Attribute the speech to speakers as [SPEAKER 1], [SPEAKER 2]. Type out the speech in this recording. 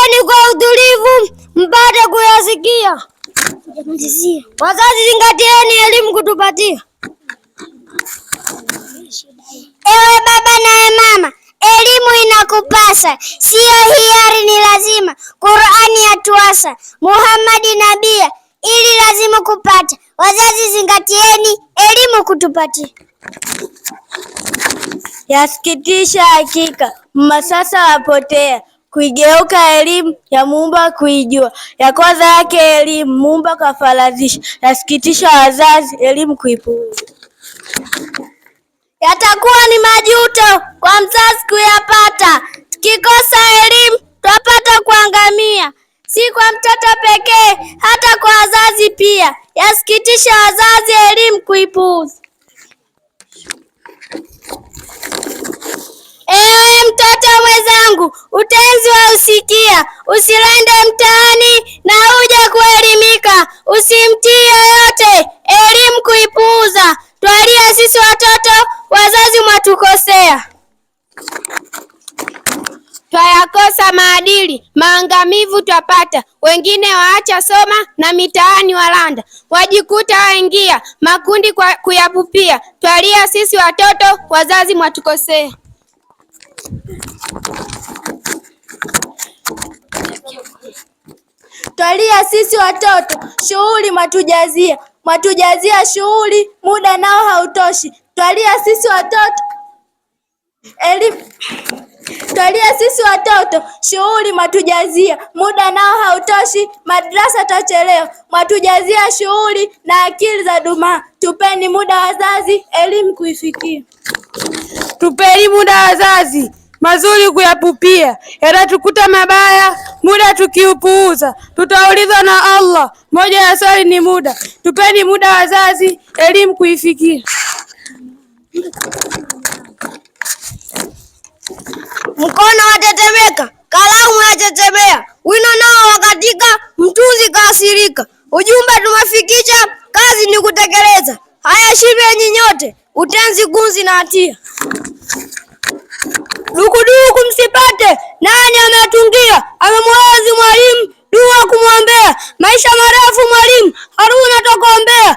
[SPEAKER 1] Sikilizeni kwa utulivu mpate kuyasikia. Wazazi, zingatieni elimu kutupatia.
[SPEAKER 2] Ewe baba ewe mama, elimu inakupasa, siyo hiari, ni lazima. Qur'ani yatuasa, Muhammadi nabia, ili lazima kupata. Wazazi, zingatieni elimu kutupatia.
[SPEAKER 3] Yasikitisha hakika, mmasasa wapotea kuigeuka elimu ya Muumba kuijua, ya kwanza yake elimu Muumba kafaradhisha, yasikitisha wazazi elimu kuipuuza.
[SPEAKER 4] Yatakuwa ni majuto kwa mzazi kuyapata, tukikosa elimu twapata kuangamia, si kwa mtoto pekee, hata kwa wazazi pia, yasikitisha wazazi elimu kuipuuza.
[SPEAKER 5] wangu, utenzi wa usikia. Usilende mtaani na uja kuelimika, usimtii yoyote elimu kuipuuza. Twalia sisi watoto, wazazi mwatukosea
[SPEAKER 6] Twayakosa maadili, maangamivu twapata. Wengine waacha soma na mitaani walanda, wajikuta waingia makundi kwa kuyapupia. Twalia sisi watoto, wazazi mwatukosea.
[SPEAKER 7] Twalia sisi watoto, shughuli mwatujazia, mwatujazia shughuli, muda nao hautoshi. Twalia sisi watoto elimu twalia sisi watoto shughuli mwatujazia, muda nao hautoshi. Madrasa twachelewa, mwatujazia shughuli na akili za dumaa. Tupeni muda wazazi, elimu kuifikia.
[SPEAKER 8] Tupeni muda wazazi, mazuri kuyapupia, yanatukuta mabaya Muda tukiupuuza tutaulizwa na Allah. Moja ya swali ni muda. Tupeni muda wazazi, elimu kuifikia.
[SPEAKER 9] Mkono watetemeka, kalamu yatetemea, wino nao wakatika, mtunzi kaasirika. Ujumbe tumefikisha, kazi ni kutekeleza. Haya shibeni nyote, utenzi, kunzi na hatia.
[SPEAKER 10] Dukuduku msipate, nani ametungia? Amemwa dua kumwombea maisha marefu Mwalimu Haruna tokombea